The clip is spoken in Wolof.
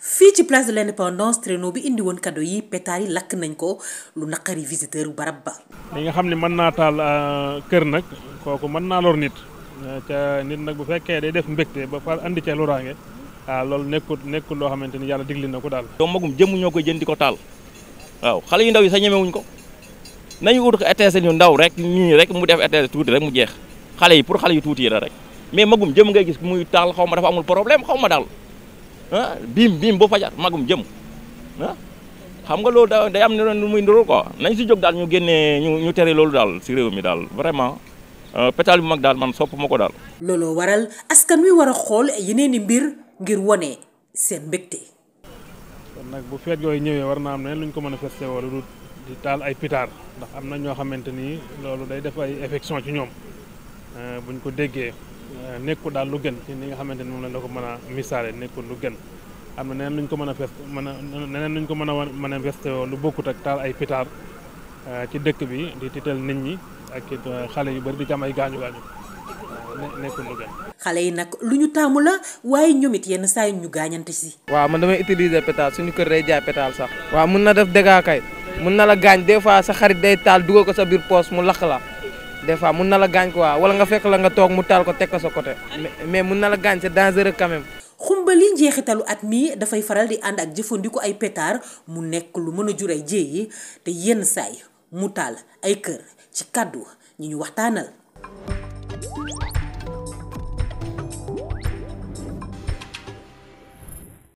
fii ci place de l'indépendance traîneau bi indi woon cadeau yi pétard yi lakk nañ ko lu naqari visiteur barab ba. li nga xam ne mën naa taal euh, kër nag kooku mën naa lor nit euh, ca nit nag bu fekkee de def mbégte ba fa andi ca loraange waaw loolu nekkul nekkul loo xamante ni yàlla digli na ko daal. yow magum jëmm ñoo koy jënd ko taal waaw xale yu ndaw yi sax ñemewuñ ko nañu ut ko ETS yu ndaw rek ñii rek mu def ETS tuuti rek mu jeex. xale yi pour xale yu tuuti yi la rek mais magum jëm ngay gis muy taal xaw ma dafa amul problème xaw ma daal ah biim biim ba fajar magum jëm ah xam nga loolu da day am lu muy nduróol quoi nañ si jóg daal ñu génnee ñu ñu tere loolu daal si réew mi daal vraiment euh, pétale bi mag daal man sopp ko daal looloo waral askan wi war a xool yeneen i mbir ngir wone seen mbégte kon nag bu feet yooyu ñëwee war naa am ne lu ñu ko manifesté wala du di taal ay pitaar ndax am na ñoo xamante ni loolu day def ay effection ci ñoom Euh, buñ ko déggee euh, nekkul daal lu gën ci ni nga xamante ni moom la ko mën a misaale nekkul lu gën am na neneen luñ ko a fest mën a neneen ko mën a manifesté lu bokkut ak taal ay pitaar euh, ci dëkk bi di tiital nit ñi ak it xale yu bari di ci am ay gaañu gaañu nekkul lu gën. xale yi nag lu ñu taamu la waaye ñoom it yenn saa yi ñu gaañante si. waaw man damay utiliser pétard suñu kër day jaay pétard sax. waaw mun na def dégâts kay mun na la gaañ des fois sa xarit day taal dugal ko sa biir poos mu lakk la. des fois mun na la gaañ quoi wala nga fekk la nga toog mu taal ko teg ko sa côté mais mun na la gaañ c'est dangereux quand xumba xumbali njeexitalu at mii dafay faral di ànd ak jëfandiku ay pétard mu nekk lu mën a jur ay jéeyi te yenn saay mu taal ay kër ci kàddu ñi ñu waxtaanal.